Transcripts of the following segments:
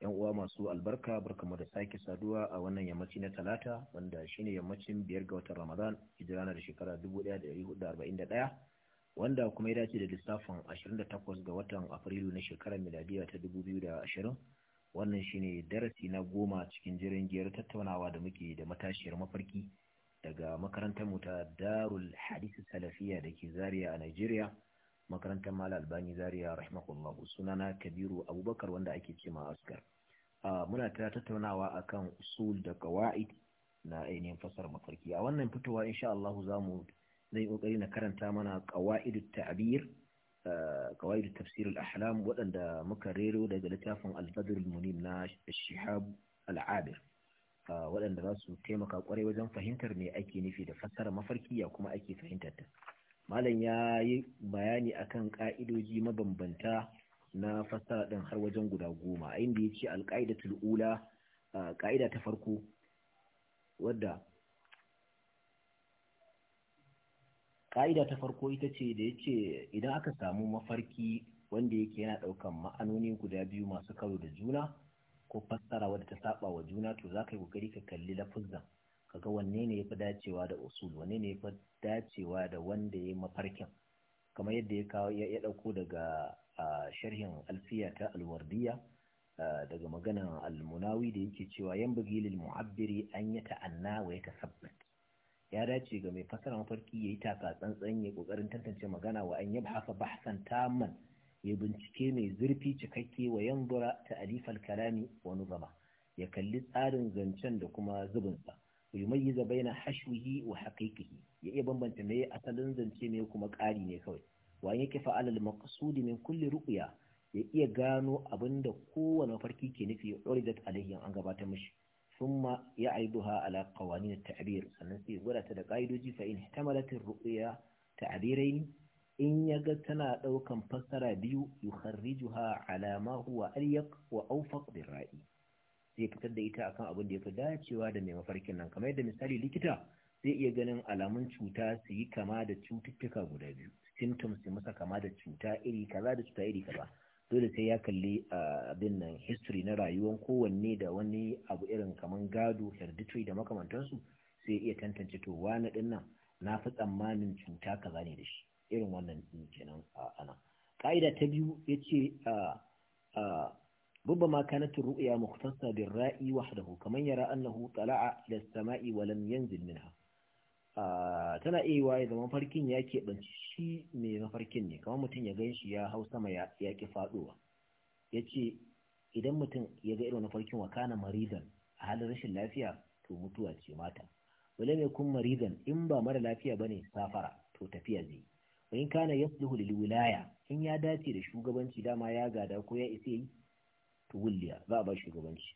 yan uwa masu albarka barkamu da sake saduwa a wannan yammaci na talata wanda shine yammacin biyar ga watan ramadan hijirana da shekara 1441 wanda kuma ya dace da lissafin 28 ga watan afrilu na shekarar miladiya ta 2020 wannan shine darasi na goma cikin jirin giyar tattaunawa da muke da matashiyar mafarki daga makarantar mu ta darul hadisi salafiya da ke zaria a nigeria makarantar mala albani zaria rahimahullah sunana kabiru abubakar wanda ake ce ma askar muna ta tattaunawa akan usul da qawaid na ainihin fasar mafarki a wannan fitowa insha Allah za mu zai kokari na karanta mana qawaidut ta'bir qawaidut tafsir al-ahlam waɗanda muka rero daga littafin al-badr al-munim na shihab al-abir waɗanda za su taimaka kwarai wajen fahimtar me ake nufi da fasara mafarki ya kuma ake fahimtar ta malam ya yi bayani akan ka'idoji mabambanta na fassara ɗin har wajen guda goma a inda ya ce alƙa'ida tul'ula ƙa'ida ta farko wadda ƙa'ida ta farko ita ce da ya ce idan aka samu mafarki wanda yake yana ɗaukan ma'anoni guda biyu masu karo da juna ko fassara wadda ta saba wa juna to za ka yi ƙoƙari ka kalli lafuzan kaga wanne ne yafi dacewa da usul wanne ne yafi dacewa da wanda ya mafarkin kamar yadda ya kawo ya dauko daga sharhin alfiya ta alwardiya daga maganan almunawi da yake cewa yan bugi lil mu'abbiri an ya ta'anna wa ya tasabbat ya dace ga mai fasara mafarki yayi taka tsantsan ya kokarin tantance magana wa an bahasa bahsan tamman ya bincike mai zurfi cikakke wa yanzura ta'alifal kalami wa nuzama ya kalli tsarin zancen da kuma zubinsa yumayyiza baina hashwihi wa haqiqihi ya iya bambanta me asalin zance ne kuma ƙari ne kawai wa yake fa'alal maqsudi min kulle ru'ya ya iya gano abinda kowane farki ke nufi uridat alaihi an gabatar mishi thumma ya ala qawanin at-ta'bir sannan sai gwada ta da ƙa'idoji fa in ihtamalat ar-ru'ya ta'birain in yaga tana daukan fasara biyu yukharrijuha ala ma huwa alyaq wa awfaq bir-ra'i zai fitar da ita akan abin da ya fi dacewa da mai mafarkin nan kamar yadda misali likita zai iya ganin alamun cuta su yi kama da cututtuka guda biyu symptoms su masa kama da cuta iri kaza da cuta iri kaza dole sai ya kalli abin nan history na rayuwar kowanne da wani abu irin kamar gado hereditary da makamantansu sai iya tantance to wani din nan na fi tsammanin cuta kaza ne da shi irin wannan kenan ana ka'ida ta biyu ya ce ربما كانت الرؤيا مختصة بالرائي وحده كمن يرى أنه طلع إلى السماء ولم ينزل منها tana iya waya zama mafarkin ya keɓanci shi mai mafarkin ne kamar mutum ya gan ya hau sama ya ƙi faɗowa ya ce idan mutum ya ga irin mafarkin wa kana maridan a halin rashin lafiya to mutuwa ce mata wale mai kun maridan in ba mara lafiya ba bane safara to tafiya zai wa in kana yasluhu lil wilaya in ya dace da shugabanci dama ya gada ko ya isa yi tuwulliya za a ba shugabanci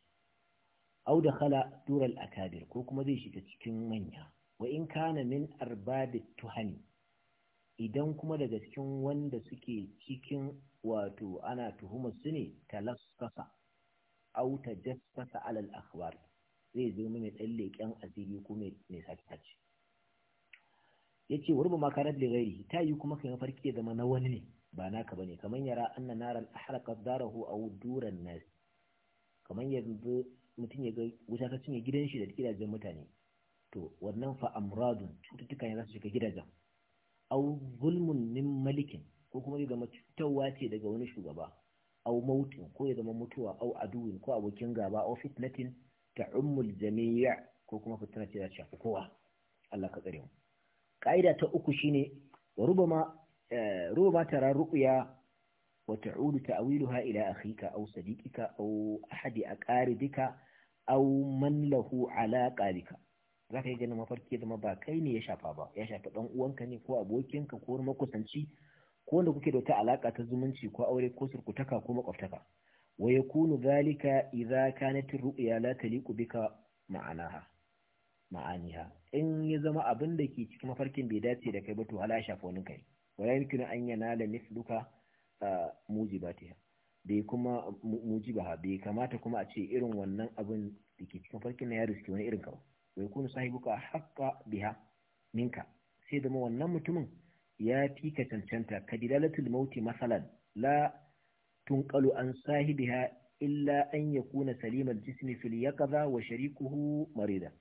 au da khala dural akabir ko kuma zai shiga cikin manya wa in kana min arbabit tuhani idan kuma daga cikin wanda suke cikin wato ana tuhumar su ne talassasa au tajassasa alal akhbar zai zo mai dan leken asiri ko mai sace-sace yace warba makarat da gairi ta yi kuma kan farki zama na wani ne ba naka bane kaman yara anna naran ahraqat darahu aw duran nas kaman yanzu mutum ya ga wuta ta cinye gidan shi da gidajen mutane to wannan fa amradun cututtuka ne za su shiga gidajen aw zulmun min malikin ko kuma ya zama cutarwa ce daga wani shugaba aw mautin ko ya zama mutuwa aw aduwin ko abokin gaba aw fitnatin ta'ummul jami'a ko kuma fitina ce za ta shafi kowa Allah ka tsare mu ka'ida ta uku shine wa rubama Eh, ruwa tara ru'ya wa ta'udu ta'wiluha ila akhika aw sadiqika aw ahadi aqaribika aw man lahu alaqa bika zaka yi ganin mafarki zama ba kai ne ya shafa ba ya shafa dan uwanka ne ko abokinka ko makusanci ko wanda kuke da wata alaka ta zumunci ko aure ko surkutaka ko makwabtaka wa yakunu zalika idza kanat ru'ya la taliqu bika ma'anaha ma'aniha in ya zama abin da ke cikin mafarkin bai dace da kai ba to ya shafa wani kai wala yumkinu an yanala misluka ah, mujibatiha bai kuma ha? bai kamata kuma a ce irin wannan abin da ke cikin farkin na ya wani irin kawo bai kuma sahibuka haƙa biha minka sai da wannan mutumin ya fi ka cancanta ka dilalatul mauti masalan la tunqalu an sahi sahibiha illa an ya yakuna salimal jismi fil kaza wa sharikuhu marida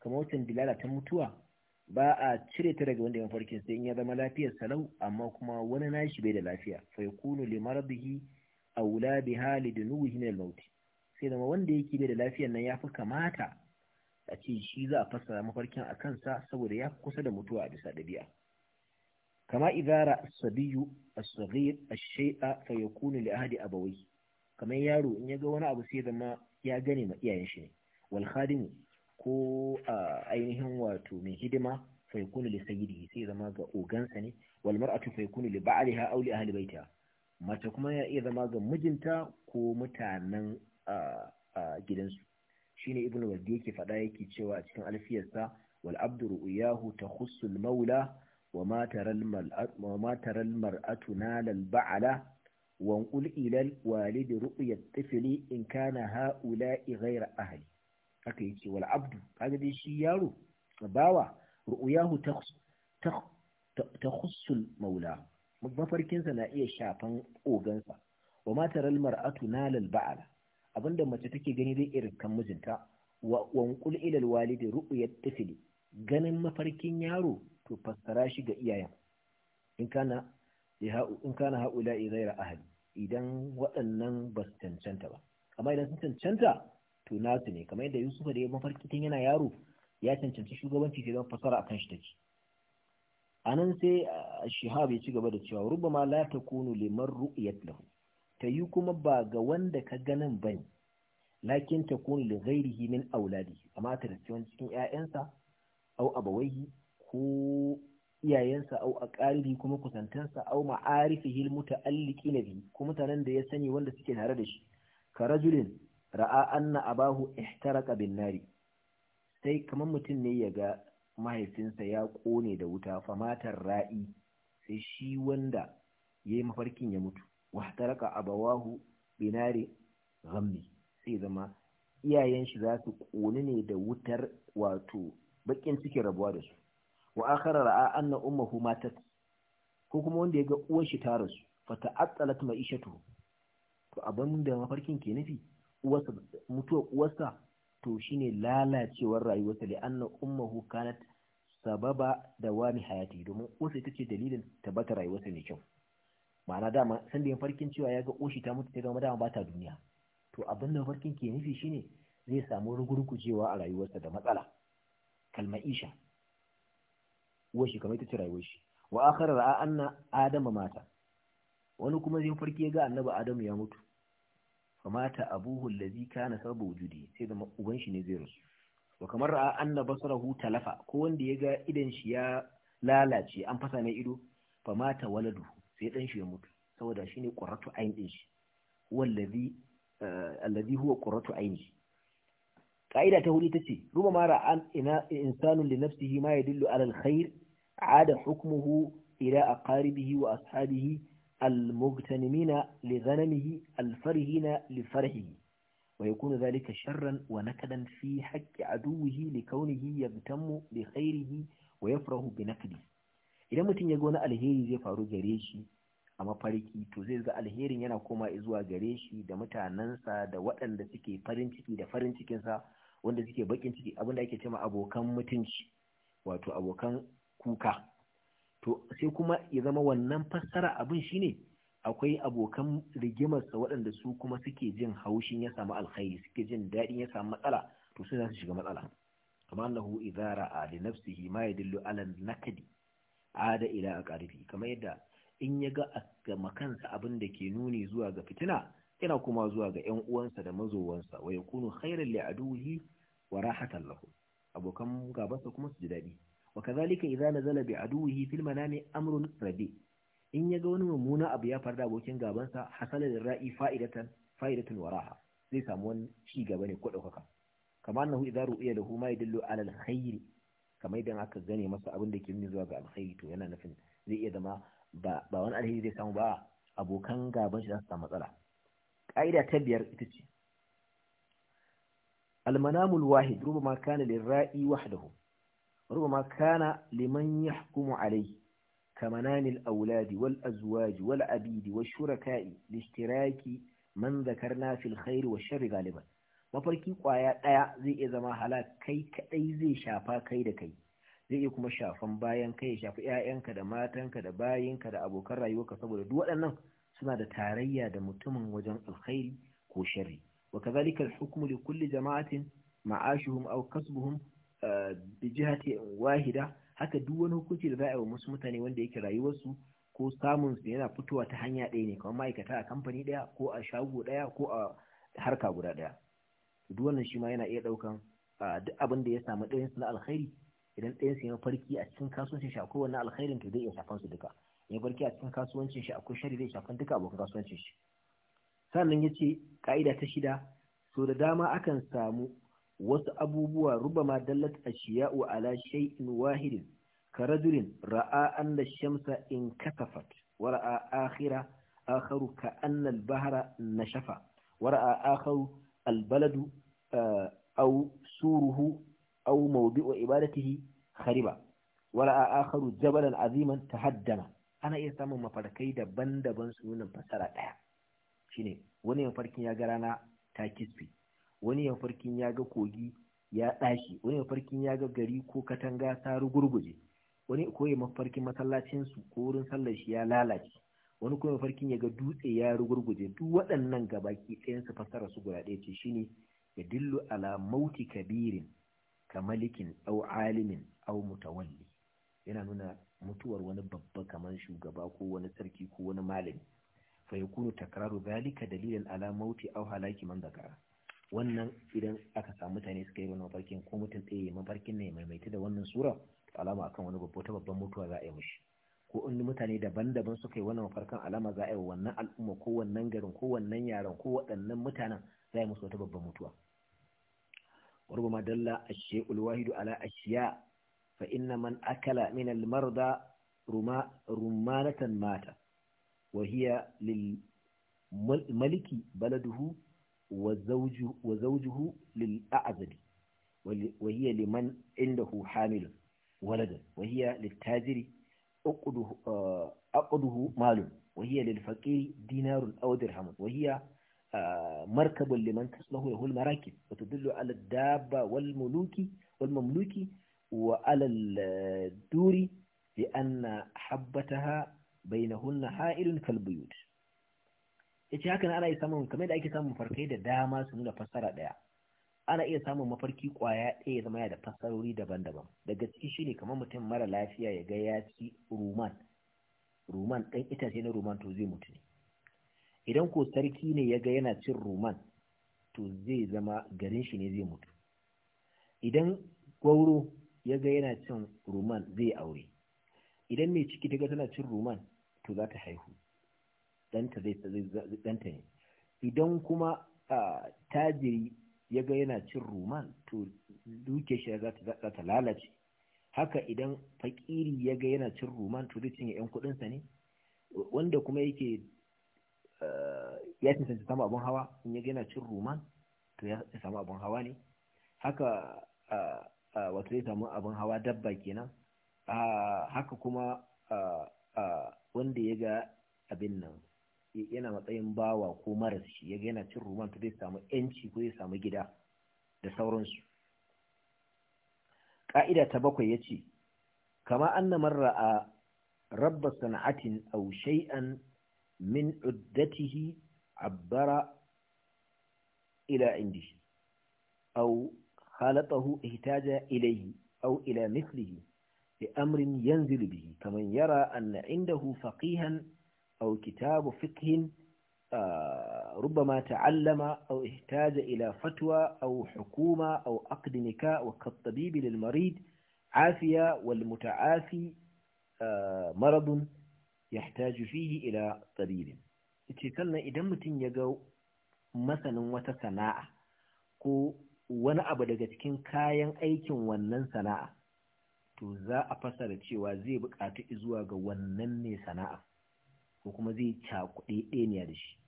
kamar wutan dilala ta mutuwa ba a cire ta daga wanda ya mafarkin sai in ya zama lafiyar salau amma kuma wani nashi bai da lafiya fa yakunu li maradihi aula bi hali dunuhi min al-maut sai zama wanda yake bai da lafiyar nan yafi kamata a ce shi za a fassara mafarkin a kansa saboda ya kusa da mutuwa a bisa dabi'a kama idara sabiyu as-saghir ash-shay'a fa yakunu li ahadi abawayhi kamar yaro in ya ga wani abu sai zama ya gane ma iyayen shi ne wal khadimi ko a ainihin wato mai hidima fa yakunu li sayyidihi sai zama ga ogansa ne wal mar'atu fa yakunu li ba'liha aw li ahli baitiha mace kuma ya iya zama ga mijinta ko mutanen gidansu shine ibnu wadi yake fada yake cewa a cikin alfiyarsa wal abdu ru'yahu takhussu al maula wa ma taral mar'atu wa ma taral mar'atu nalal ba'la wa qul ila al walid ru'ya tifli in kana ha'ula'i ghayra ahli aka yi cewa abdu kaga dai shi yaro bawa ru'uyahu ta khussul maula mafarkinsa na iya shafan ogansa wa ma taral mar'atu nalal ba'ala abinda mace take gani zai kan mijinta wa wanqul ila walidi ru'yat tifli ganin mafarkin yaro to fassara shi ga iyayen in kana in kana haula ghaira ahli idan waɗannan ba su cancanta ba amma idan sun cancanta to nasu ne kamar yadda Yusuf da ya mafarki tun yana yaro ya cancanci shugabanci sai zan fasara akan shi take anan sai Shihab ya ci gaba da cewa rubama la takunu liman ru'yat lahu yi kuma ba ga wanda ka ganin bane lakin takunu li ghairihi min auladi amma ta wani cikin ƴaƴansa au abawaihi ko iyayensa au aqaribi kuma kusantansa au ma'arifihi almuta'alliqina bihi ko mutanen da ya sani wanda suke tare da shi ka rajulin ra'a anna abahu ihtaraka bin nari sai kamar mutum ne ya ga mahaifinsa ya kone da wuta famatar ra'i sai shi wanda ya yi mafarkin ya mutu wahtaraka abawahu binari ghammi sai zama iyayen shi za su kone ne da wutar wato bakin cikin rabuwa da su wa akhara ra'a anna ummuhu matat ko kuma wanda ya ga uwar shi ta rasu fa ta'attalat ma'ishatu to abin da mafarkin ke nufi mutuwar uwarsa to shine lalacewar rayuwarsa da annan ummuhu kanat sababa da wani hayati domin uwarsa ita ce dalilin tabbatar rayuwarsa mai kyau ma'ana dama san yin farkin cewa ya ga oshi ta mutu ta gama dama ba ta duniya to abin da farkin ke nufi shine zai samu rugurgujewa a rayuwarsa da matsala Kalma Isha, uwarshi kamar ita ce rayuwar shi wa akhara adama mata wani kuma zai farki ya ga annabi adamu ya mutu famata mata abuhu allazi kana sababu wujudi sai da uban shi ne zai rasu wa kamar ra'a anna basarahu talafa ko wanda ya ga idan shi ya lalace an fasa mai ido famata waladu sai dan shi ya mutu saboda shine qurratu ayn din shi wallazi eh, allazi huwa qurratu ayn shi ka'ida ta hudu tace ruba ma ra'an ina insanun li nafsihi ma yadullu ala alkhair ada hukmuhu ila aqaribihi wa ashabihi المغتنمين لغنمه الفرهين لفرحه ويكون ذلك شرا ونكدا في حق عدوه لكونه يغتم بخيره ويفرح بنكده idan mutum ya ga alheri zai faru gare shi a mafarki to zai ga alherin yana koma zuwa gare shi da mutanensa da waɗanda suke farin ciki da farin cikinsa wanda suke bakin ciki abinda ake cewa abokan mutunci wato abokan kuka to sai kuma ya zama wannan fassara abin shi ne? akwai abokan rigimarsa waɗanda su kuma suke jin haushin ya samu alkhairi suke jin daɗin ya samu matsala to sai za su shiga matsala kamar annahu idza ra'a li nafsihi ma yadullu ala nakadi ada ila aqaribi kamar yadda in ya ga ga kansa abin da ke nuni zuwa ga fitina yana kuma zuwa ga ƴan uwansa da mazowansa wa yakunu khairan li aduhi wa rahatan lahu abokan gabansa kuma su ji daɗi wa kazalika idza nazala bi aduwihi fil manami amrun rabi in yaga wani mummuna abu ya da abokin gaban sa hasala da ra'i fa'idatan fa'idatun waraha zai samu wani ci gaba ne ko daukaka kamar annahu idza ru'iya lahu ma al ala alkhair kamar idan aka gane masa abin da ke nuni zuwa ga alkhairi to yana nufin zai iya zama ba wani alheri zai samu ba abokan gaban shi za su samu matsala ƙa'ida ta biyar ita ce almanamul wahid ruba ma kana lirra'i wahdahu ربما كان لمن يحكم عليه كمنان الأولاد والأزواج والعبيد والشركاء لاشتراك من ذكرنا في الخير والشر غالبا ما فرقي قوايا ايا زي اذا ما هلا كي كأي زي شافا كي دا كي زي ايو كما شافا مبايا كي شافا ايا ايا كدا ماتا كدا بايا كدا ابو كرا يوكا صبر دو انا سنا دا تاريا دا متمن وجن الخير كو شري وكذلك الحكم لكل جماعة معاشهم او كسبهم bi jihati wahida haka duk wani hukunci da za a yi wa wasu mutane wanda yake rayuwarsu ko samun su yana fitowa ta hanya ɗaya ne kamar ma'aikata a kamfani ɗaya ko a shago ɗaya ko a harka guda ɗaya duk wannan shi ma yana iya ɗaukan duk abin da ya samu ɗayan su na alkhairi idan ɗayan su ya farki a cikin kasuwancin shi akwai wannan alkhairin to zai iya shafan su duka ya farki a cikin kasuwancin shi akwai shari zai shafan duka abokan kasuwancin shi sannan ya ce ka'ida ta shida so da dama akan samu wasu abubuwa rubama dallat ashiya'u ala shay'in wahidin ka rajulin ra'a anna shamsa in kasafat wa ra'a akhira akharu ka anna al-bahra nashafa wa ra'a akharu al-baladu eh, aw suruhu aw mawdi'u ibadatihi khariba wa ra'a akharu jabalan aziman tahaddama ana iya samun mafarkai daban-daban sunan fasara daya shine wani mafarkin ya ga rana ta kisfi wani ya farkin ya ga kogi ya ɗashi wani ya farkin ya ga gari ko katanga ta rugurguje wani ko ya mafarkin masallacinsu ko wurin sallar shi ya lalace wani kuma mafarkin ya ga dutse ya rugurguje duk waɗannan gabaki ɗayansu fasara su guda ɗaya ce shine ya dillu ala mauti kabirin ka malikin au alimin au mutawalli yana nuna mutuwar wani babba kamar shugaba ko wani sarki ko wani malami fa yakunu takraru zalika dalilan ala mauti au halaki man zakara wannan idan aka samu mutane suka yi wannan mafarkin ko mutum yi mafarkin ne maimaita da wannan sura alama akan wani babba ta babban mutuwa za a yi mushi ko in mutane daban-daban suka yi wannan mafarkan alama za a yi wannan al'umma ko wannan garin ko wannan yaran ko waɗannan mutanen za a yi musu wata babban mutuwa warba ma dalla ashiyul wahidu ala ashiya fa inna man akala min al marda ruma rumanatan mata wahiya lil maliki baladuhu وزوجه, وزوجه للأعزب وهي لمن عنده حامل ولدا وهي للتاجر أقده, آه، أقده مال وهي للفقير دينار أو درهم وهي آه، مركب لمن تصله له المراكب وتدل على الدابة والملوك والمملوك وعلى الدور لأن حبتها بينهن حائل كالبيوت yace haka ana iya samun kamar da ake samun farkai da dama su nuna fassara ɗaya ana iya samun mafarki kwaya ɗaya zama ya da fassarori daban-daban daga ciki shine kamar mutum mara lafiya ya ga ya ci ruman ruman ɗan itace na ruman to zai mutu ne idan ko sarki ne ya ga yana cin ruman to zai zama garin shi ne zai mutu idan gwauro ya ga yana cin ruman zai aure idan mai ciki ta ga tana cin ruman to za ta haihu danta zai danta ne idan kuma tajiri ya ga yana cin ruman to duke shi za ta lalace haka idan fakiri ya ga yana cin ruman to zai cinye 'yan kudinsa ne wanda kuma yake ya cancanci samu abin hawa in ya yana cin ruman to ya samu abin hawa ne haka wato zai samu abin hawa dabba kenan haka kuma wanda ya ga abin nan yana matsayin bawa ko maras shi yaga yana cin ruman ta zai samu yanci ko zai samu gida da sauransu ka'ida ta bakwai ya ce kama an na marra a rabba sana'atin aw shay'an min uddatihi abbara ila indi aw halatahu ihtaja ilayhi au ila mislihi bi amrin yanzilu bihi kaman yara anna indahu faqihan أو كتاب فقه ربما تعلم أو احتاج إلى فتوى أو حكومة أو عقد نكاء وكالطبيب للمريض عافية والمتعافي مرض يحتاج فيه إلى طبيب sannan idan mutum ya ga masanin wata sana'a ko wani abu daga cikin kayan aikin wannan sana'a to za a fasara cewa zai buƙatu zuwa ga wannan ne sana'a ko kuma zai cakuɗe ɗeniya da shi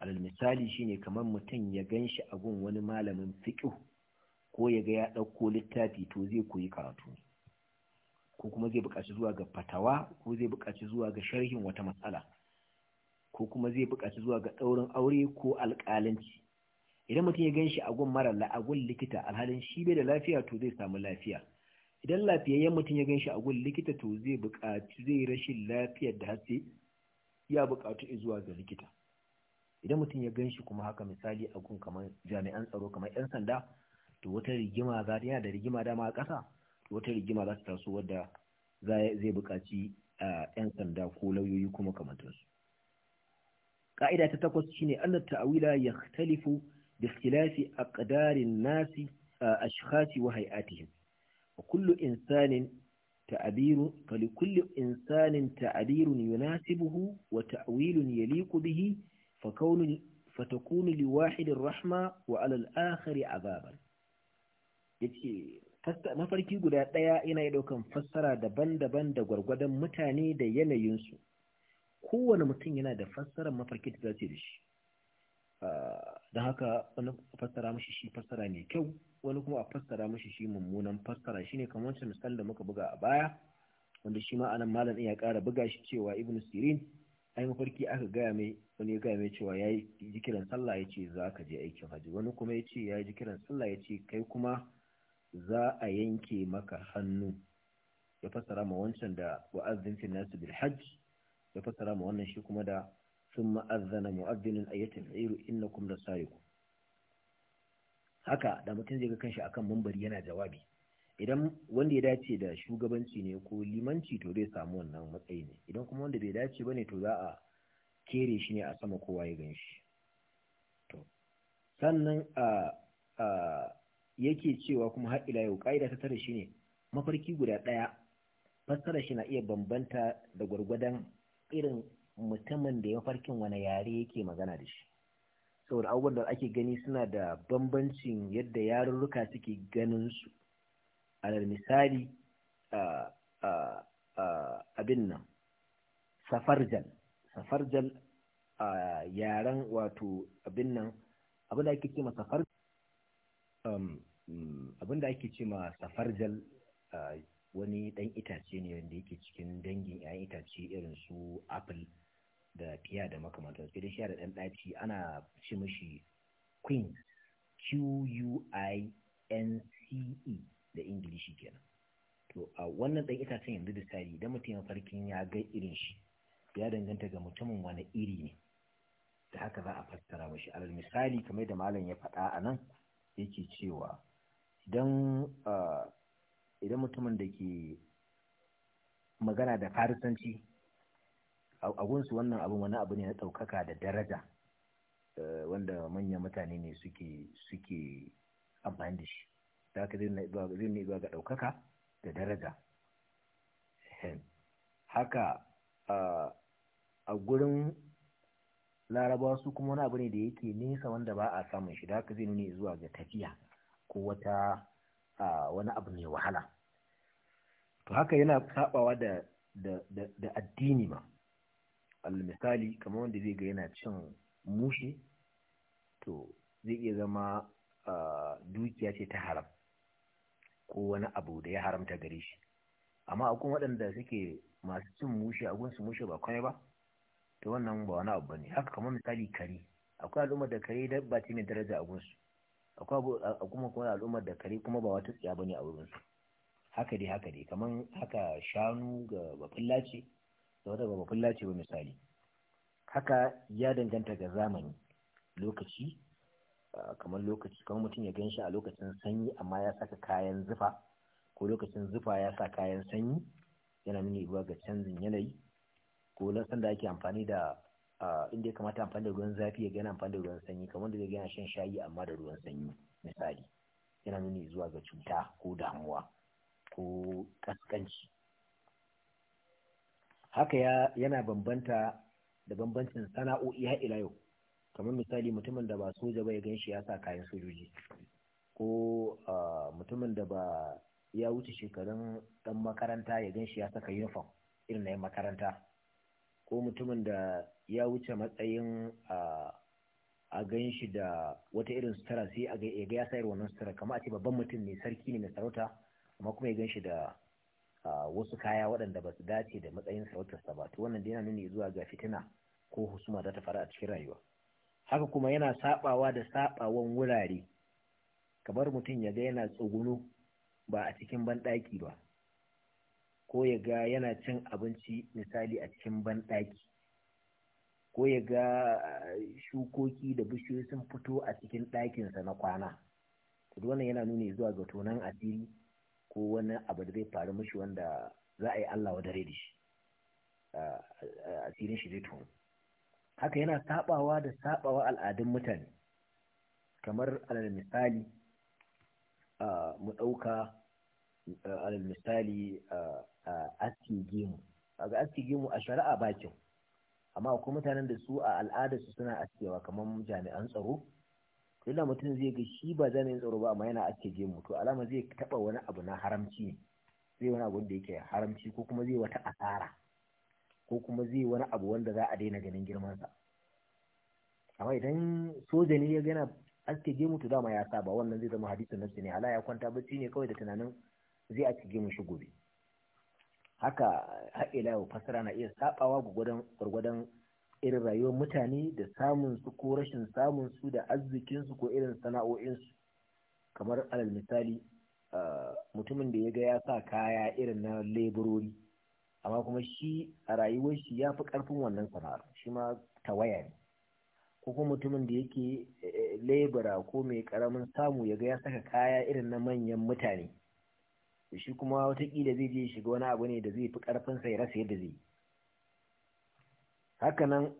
alal misali shine kamar mutum ya gan shi a gun wani malamin fiƙo ko ya ga ya ɗauko littafi to zai koyi karatu ko kuma zai buƙaci zuwa ga fatawa ko zai buƙaci zuwa ga sharhin wata matsala ko kuma zai buƙaci zuwa ga ɗaurin aure ko alƙalanci idan mutum ya gan shi a gun mara la'agun likita alhalin shi bai da lafiya to zai samu lafiya idan lafiyayyen mutum ya gan shi a gun likita to zai buƙaci zai rashin lafiyar da hatsi ya buƙatu zuwa ga likita idan mutum ya gan shi kuma haka misali a gun kamar jami'an tsaro kamar 'yan sanda to wata rigima za ta yana da rigima dama a ƙasa to wata rigima za ta taso wadda zai buƙaci 'yan sanda ko lauyoyi kuma kamantarsu ƙa'ida ta takwas shine ya ta'awila da filafi a ƙadarin nasi a ashkhasi wa hay'atihim وكل إنسان تعبير فلكل إنسان تعبير insanin وتأويل yunasibuhu wa ta'wilun فتكون bihi fa وعلى الآخر عذابا rahma wa alal akhari mafarki guda ɗaya yana yi ɗaukan fassara daban-daban da gwargwadon mutane da yanayinsu kowane mutum yana da fassarar mafarki da da shi ah, don haka wani fassara mashi shi fassara mai kyau wani kuma a fassara mashi shi mummunan fassara shine kamar wancan misal da muka buga a baya wanda shi ma anan malam ya kara buga shi cewa ibn sirin ai mafarki aka gaya mai wani ya gaya mai cewa ya yi jikiran sallah ya ce za ka je aikin hajji wani kuma ya ce ya yi jikiran sallah ya ce kai kuma za a yanke maka hannu ya fassara ma wancan da wa'azin fi nasu bil ya fassara ma wannan shi kuma da ثم أذن مؤذن أية العير إنكم لسارقون haka da mutum zai ga kanshi akan mambari yana jawabi idan wanda ya dace da shugabanci ne ko limanci to zai samu wannan matsayi ne idan kuma wanda bai dace ne to za a kere shi ne a sama kowa ya gan shi to sannan a a yake cewa kuma har ila yau ka'ida ta tare shi ne mafarki guda ɗaya fassara shi na iya bambanta da gwargwadon irin mutumin da ya farkin wani yare yake magana da shi saboda abubuwan da ake gani suna da bambancin yadda yarurruka suke ganin su alal misali abin nan safarjal safarjal yaren wato abin nan abin da ake ce ma safar um, abin da ake ce ma safarjal wani dan itace ne wanda yake cikin dangin 'ya'yan itace irin su apple da fiya da makamantar sai dai shi da ɗanɗaci daci ana ce mishi queen q-u-i-n-c-e da ingilishi kenan to a wannan ɗan itacen yanzu da tsari idan mutum ya farkin ya ga irin shi ya danganta ga mutumin wani iri ne da haka za a fassara mishi alal misali kamar da malam ya faɗa a nan yake cewa idan ah, idan mutumin da ke magana da farisanci a gunsu wannan abin wani abu ne na ɗaukaka da daraja eh, wanda manyan mutane ne suke suke amfani da shi da haka zai ne zuwa ga ɗaukaka da daraja haka a gurin larabawa su kuma wani abu ne da yake nesa wanda ba a samun shi da haka zai nuni zuwa ga tafiya ko wata wani abu mai wahala to haka yana sabawa da da addini ma almisali kamar wanda zai ga yana cin mushi to zai iya zama dukiya ce ta haram ko wani abu da ya haramta gare shi amma akwai waɗanda suke masu cin mushe a gunsu mushe ba kwaya ba to wannan ba wani abu ne haka kamar misali kare akwai al'ummar da kare ba ce mai daraja a gunsu akwai kuma kuma al'ummar da kare kuma ba wata tsiya bane a wurinsu haka dai haka dai kamar haka shanu ga bafulla ce da wata ba fulla ce ba misali haka ya danganta ga zamani lokaci kamar lokaci kamar mutum ya gan a lokacin sanyi amma ya saka kayan zufa ko lokacin zufa ya sa kayan sanyi yana nuni ruwa ga canjin yanayi ko lasan da ake amfani da inda ya kamata amfani da ruwan zafi ya gana amfani da ruwan sanyi kamar da zai gana shan shayi amma da ruwan sanyi misali yana nuni zuwa ga cuta ko damuwa ko kaskanci haka ya yana bambanta da bambancin sana'o'i har ila yau kamar misali mutumin da ba soja ba ya gan shi ya sa kayan sojoji ko mutumin da ba ya wuce shekarun dan makaranta ya gan shi ya saka uniform irin na makaranta ko mutumin da ya wuce matsayin a gan shi da wata irin sutura sai a ga ya sayar wannan sutura kamar a ce babban mutum ne sarki ne mai sarauta amma kuma ya gan shi da wasu kaya waɗanda ba su dace da matsayin sarautarsa ba to wannan yana nuni zuwa ga fitina ko husuma za ta faru a cikin rayuwa haka kuma yana sabawa da sabawan wurare kamar mutum ya ga yana tsuguno ba a cikin banɗaki ba ko ya ga yana cin abinci misali a cikin banɗaki ko ya ga eh, shukoki da bishiyoyi sun fito a cikin ɗakinsa na kwana to wannan yana nuni zuwa ga tonan asiri ko wani abu da zai faru mishi wanda za a yi Allah wa dare da shi a asirin shi zai tuhu haka yana sabawa da sabawa al'adun mutane kamar alal misali mu ɗauka alal misali aski gemu ga aski gemu a shari'a bakin amma akwai mutanen da su a al'adarsu suna askewa kamar jami'an tsaro yana mutum zai ga shi ba zanayin tsaro ba amma yana ake je mu to alama zai taba wani abu na haramci ne zai wani abu da yake haramci ko kuma zai wata asara ko kuma zai wani abu wanda za a daina ganin girmansa amma idan soja ne ya gana aske gemu to dama ya saba wannan zai zama hadisin nan ne ala ya kwanta bacci ne kawai da tunanin zai aske gemu shi gobe haka haƙila fasara na iya sabawa gwargwadon irin rayuwar mutane da samun su ko rashin samun su da arzikin su ko irin sana'o'in su kamar alal misali mutumin da ya ga ya sa kaya irin na leburori amma kuma shi a rayuwar shi ya fi karfin wannan sana'ar shi ma tawaya ne ko kuma mutumin da yake e, e, lebura ko mai karamin samu ya ga ya saka kaya irin na manyan mutane shi kuma watakila zai je shiga wani abu ne da zai fi karfin sai rasa yadda zai yi. hakanan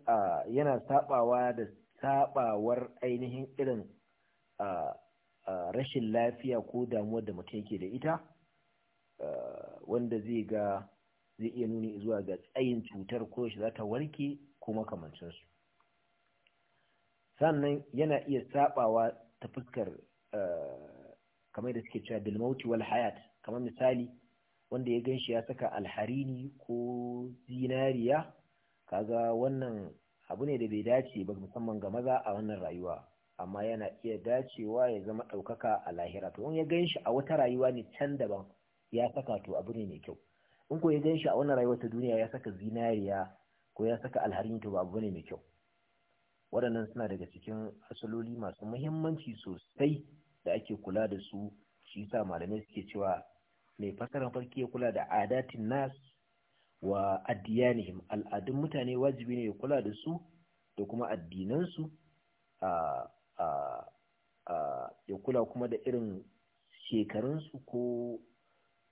yana sabawa da sabawar ainihin irin rashin lafiya ko damuwar da mutum yake da ita wanda zai ga zai iya nuni zuwa ga tsayin cutar ko shi za ta warke ko makamancinsu sannan yana iya sabawa ta fuskar kamar da suke cewa bilmauti wal hayat kamar misali wanda ya ganshi ya saka alharini ko zinariya kaga wannan abu ne da bai dace ba musamman ga maza a wannan rayuwa amma yana iya dacewa ya zama ɗaukaka a lahira to in ya gan shi a wata rayuwa ne can daban ya saka to abu ne mai kyau in ko ya gan shi a wannan rayuwa ta duniya ya saka zinariya ko ya saka alharin to ba abu ne mai kyau waɗannan suna daga cikin asaloli masu muhimmanci sosai da ake kula da su shi yasa malamai suke cewa mai fasaran farki ya kula da adatin nas wa addiyanihim al'adun mutane wajibi ne ya kula da su da kuma addinansu ya kula kuma da irin shekarunsu ko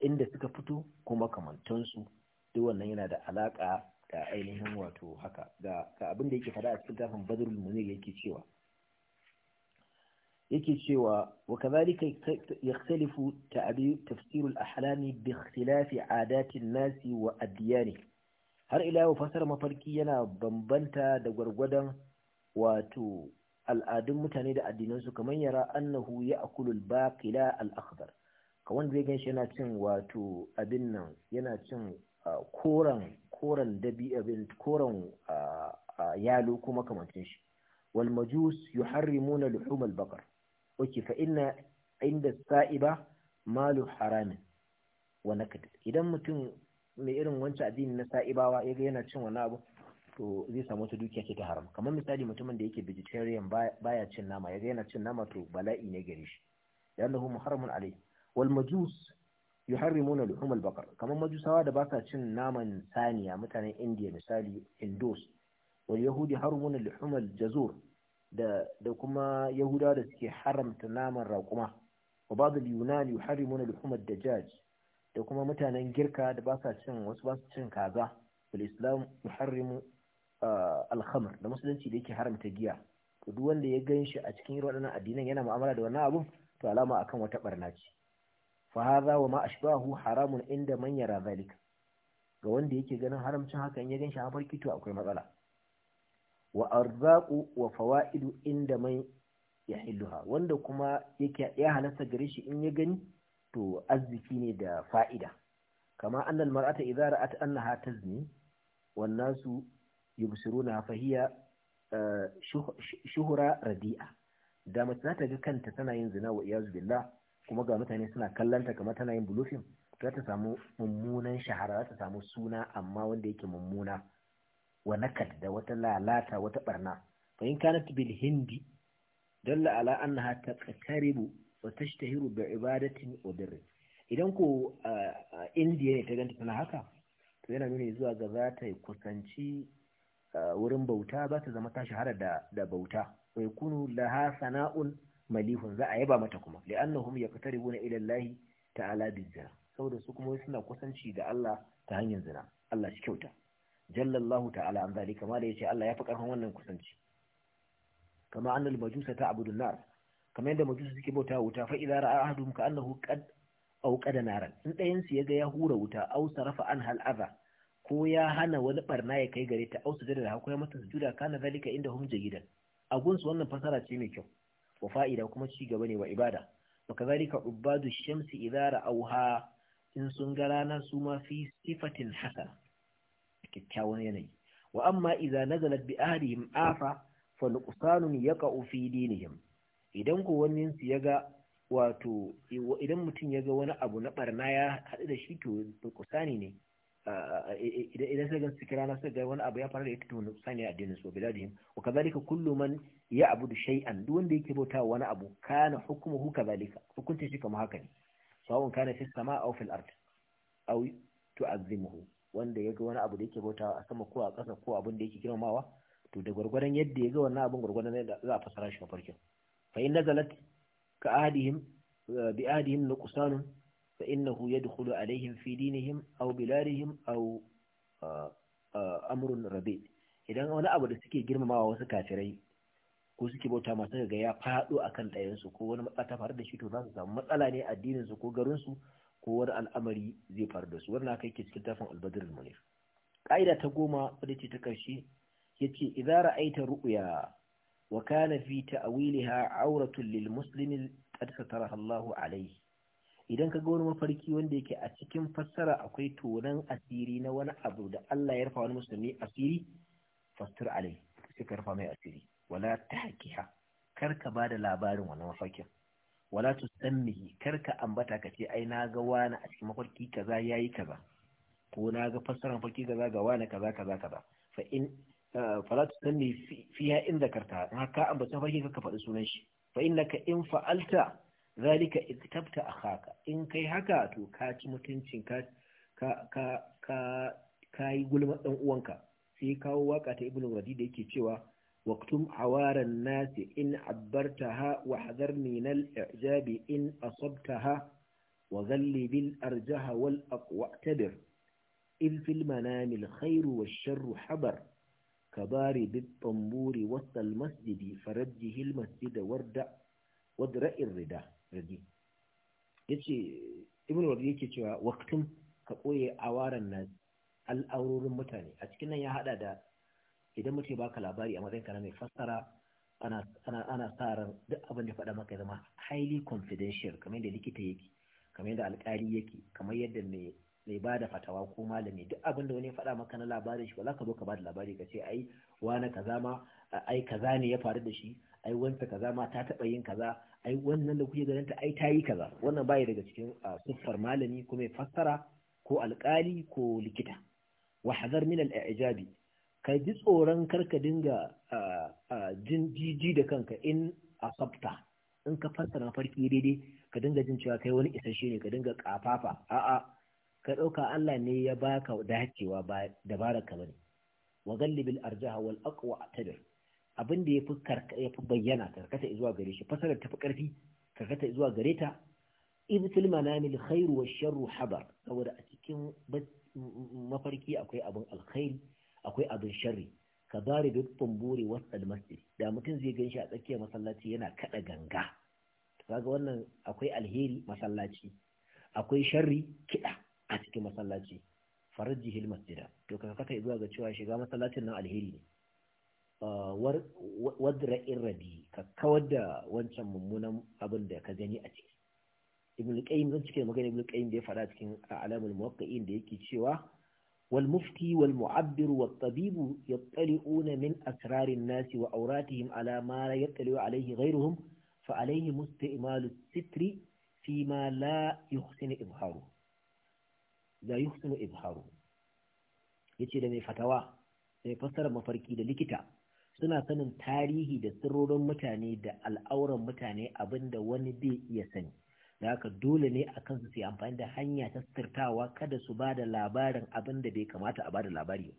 inda suka fito ko makamantansu duk wannan yana da alaƙa da ainihin wato haka ga abin da yake faɗa a cikin tafin badrul munir yake cewa yake cewa wa kadhalika yakhtalifu ta'bir tafsir al-ahlam bi ikhtilaf 'adati an-nas wa adyani har ila yau fasar mafarki yana bambanta da gwargwadon wato al'adun mutane da addinansu kamar yara annahu ya'kulu al-baqila al-akhdar ka wanda zai yana cin wato abin nan yana cin koran koran dabi abin koran yalo kuma kamancin shi wal majus yuharrimuna luhum al oke fa inna inda sa'iba malu haramin wa nakad idan mutum mai irin wancan addini na sa'ibawa yaga yana cin wani abu to zai samu wata dukiya ce ta haram kamar misali mutumin da yake vegetarian baya cin nama yaga yana cin nama to bala'i ne gare shi yannahu haramun alai. wal majus yuharrimuna luhum al baqar kamar majusawa da ba sa cin naman saniya mutanen indiya misali Indus wal yahudi harumuna luhum al jazur da kuma yahudawa da suke haramta naman raƙuma wa ba'd al-yunan yuharrimuna luhum ad-dajaj da kuma mutanen girka da ba sa cin wasu ba su cin kaza wal islam yuharrimu al-khamr da musulunci da yake haramta giya to duk wanda ya gan shi a cikin irin waɗannan addinan yana mu'amala da wannan abu? to alama akan wata barna ce fa hadha wa ma ashbahu haramun inda man yara zalika ga wanda yake ganin haramcin hakan ya gan a farki to akwai matsala wa arzaku wa fawa'idu inda mai ya hilluha wanda kuma yake ya halasta gare shi in ya gani to arziki ne da fa'ida kama annal mar'ata idza ra'at annaha tazni wan nasu yubsiruna fa hiya eh, shuhura radi'a da mace za ta ga kanta tana yin zina wa iyazu billah kuma ga mutane suna kallanta kamar tana yin bulufin za ta samu mummunan shahara za ta samu suna amma wanda yake mummuna wa nakat da wata lalata wata barna fa in kanat bil hindi dalla ala annaha taqtaribu wa tashtahiru bi ibadatin wa idan ko indiya ne ta ganta tana haka to yana nuna zuwa ga za ta kusanci wurin bauta ba ta zama ta shahara da da bauta wa yakunu laha malihun za a yaba mata kuma li'annahum yaqtaribuna ila ta ta'ala bizina saboda su kuma suna kusanci da Allah ta hanyar zina Allah shi kyauta jallallahu ta'ala an zalika kama da yace Allah ya fi karfin wannan kusanci kama annal majusa ta abudu nar kama yadda majusa suke bauta wuta fa idza ra'a ahaduhum ka annahu qad naran in dayan su yaga ya hura wuta aw sarafa an hal adha ko ya hana wani barna ya kai gare ta aw sujada da ko ya mata sujuda kana zalika inda hum jayidan a gunsu wannan fasara ce mai kyau wa fa'ida kuma ci gaba ne wa ibada wa kazalika ubadu shamsi idza ra'awha in sun ga rana su ma fi sifatin hasana kyakkyawan yanayi wa amma idza nazalat bi ahlihim afa fa nuqsanun yaqa'u fi dinihim idan ko wani su yaga wato idan mutum yaga wani abu na barna ya hadu da shi to nuqsani ne idan sai gansu kira na sai ga wani abu ya fara da ita to nuqsani a dinin su biladihim wa kadhalika kullu man ya'budu shay'an duk wanda yake bauta wani abu kana hukmuhu kadhalika hukunta shi kamar haka ne sawun kana fi sama aw fil ard aw tu'azzimuhu wanda ya ga wani abu da yake bautawa a sama ko a ƙasa ko abin da yake girmamawa to da gwargwadon yadda ya ga wannan abin ne za a fasara shi mafarkin fa in nazalat ka adihim eh, bi ahadihim nuqsanun fa innahu yadkhulu alaihim fi dinihim aw bilarihim aw eh, eh, amrun rabi idan wani abu da suke girmamawa wasu kafirai ko suke bauta masu ga ya faɗo akan ɗayansu ko wani matsala ta faru da shi to za su samu matsala ne addinin su ko garin su ko wani al'amari zai faru da su wannan haka ke cikin tafin albadrul munir ƙa'ida ta goma wadda ce ta ƙarshe yace idza ra'aita ru'ya wa kana fi ta'wiliha auratun lil muslimin qad sataraha Allahu alayhi idan ga wani mafarki wanda yake a cikin fassara akwai tonan asiri na wani abu da Allah ya rufa wani musulmi asiri fastur alai sai ka rufa mai asiri wala tahkiha kar ka bada labarin wannan mafarkin wala tusammihi karka ambata ka ce ai na ga wani a cikin mafarki kaza yayi kaza ko na ga fassarar mafarki kaza ga wani kaza kaza kaza fa in fa eh, fala tusammi fiya in zakarta in ka ambata mafarki ka faɗi sunan shi fa innaka in fa'alta zalika iktabta akhaka in kai haka to ka ci mutuncin ka ka ka ka kai gulma dan uwanka sai kawo waka ta ibnu radi da yake cewa واكتم عوار الناس إن عبرتها واحذر من الإعجاب إن أصبتها وذل بالأرجه والأقوى اعتبر إذ في المنام الخير والشر حبر كبار بالطنبور وسط المسجد فرجه المسجد وردع ودرع الردى ردي يتشي ابن وردي يتشي وقتم كقوي عوار الناس الأورور المتاني أتكنا يا هذا idan muke baka labari a matsayin kana mai fassara ana ana sa ran duk abin da faɗa maka ya zama highly confidential kamar yadda likita yake kamar yadda alƙali yake kamar yadda mai mai ba da fatawa ko malami duk abin da wani faɗa maka na labarin shi ba za ka zo ka ba da labari ka ce ai wani kaza ma ai kaza ne ya faru da shi ai wanta kaza ma ta taɓa yin kaza ai wannan da kuke ganin ta ai ta yi kaza wannan baya daga cikin ah, siffar malami ko mai fassara ko alƙali ko likita wa hadar min al-i'jabi ka ji tsoron karka dinga jin jiji da kanka in a fafta. in ka fassara farki daidai ka dinga jin cewa kai wani isasshe ne ka dinga kafafa a'a ka ɗauka Allah ne ya baka dacewa ba dabara ka bane wa gallibil arjaha wal aqwa tadir abin da yafi karka yafi bayyana karkata zuwa gare shi ta tafi karfi karkata zuwa gare ta ibtil manamil khairu wash sharru habar saboda a cikin mafarki akwai abin alkhairi akwai abin sharri ka bari bi tumburi wasal masjid da mutum zai shi a tsakiyar masallaci yana kada ganga kaga wannan akwai alheri masallaci akwai sharri kida a cikin masallaci hil masjida to ka kaka zuwa ga cewa shiga masallacin nan alheri ne ah, wadra irradi ka kawar da wancan mummunan abin da ka gani a ciki ibn qayyim zan cike magana ibn qayyim da ya fara cikin alamul muwaqqi'in da yake cewa والمفتي والمعبر والطبيب يطلعون من أسرار الناس وأوراتهم على ما لا يطلع عليه غيرهم فعليهم استعمال الستر فيما لا يحسن إظهاره لا يحسن إظهاره yace da mai fatawa da mai fassara mafarki da likita suna sanin tarihi da sirrorin mutane da al'auran mutane abinda wani bai iya sani da haka dole ne a kansu su amfani da hanya ta sirtawa kada su ba da labarin abin da bai kamata a ba da labari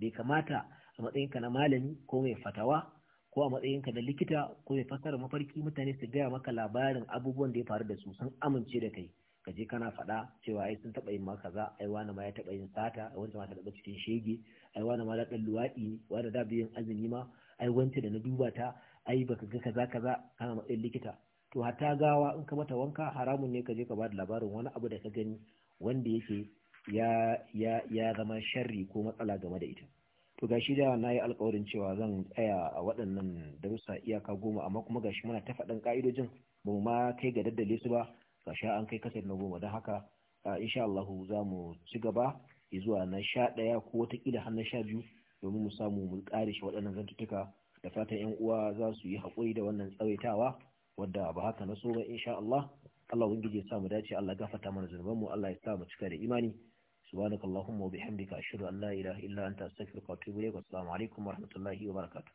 bai kamata a matsayinka na malami ko mai fatawa ko a matsayinka na likita ko mai fasara mafarki mutane su gaya maka labarin abubuwan da ya faru da su sun amince da kai ka je kana faɗa cewa ai sun taɓa yin maka za ai wani ma ya taɓa yin sata ai wani ma ta taɓa cikin shege ai wani ma da luwaɗi ne wani da biyan azumi ma ai wancan da na duba ta ai baka ga kaza kaza kana matsayin likita to ta gawa in ka mata wanka haramun ne ka je ka ba da labarin wani abu da ka gani wanda yake ya zama sharri ko matsala game da ita to gashi da na yi alkawarin cewa zan tsaya a waɗannan darussa iyaka goma amma kuma gashi muna ta faɗin ƙa'idojin ba mu ma kai ga daddale su ba gashi an kai kasar na goma don haka insha Allah za mu ci gaba zuwa na sha ɗaya ko watakila har na sha biyu domin mu samu mu ƙare waɗannan zantuttuka da fatan 'yan uwa za su yi haƙuri da wannan tsawaitawa wadda ba haka na so ba insha Allah Allah ubangiji ya sa mu dace Allah gafarta mana zunuban mu Allah ya sa mu cika da imani subhanakallahumma wa bihamdika ashhadu an la ilaha illa anta astaghfiruka wa atubu ilaik assalamu alaikum wa rahmatullahi wa barakatuh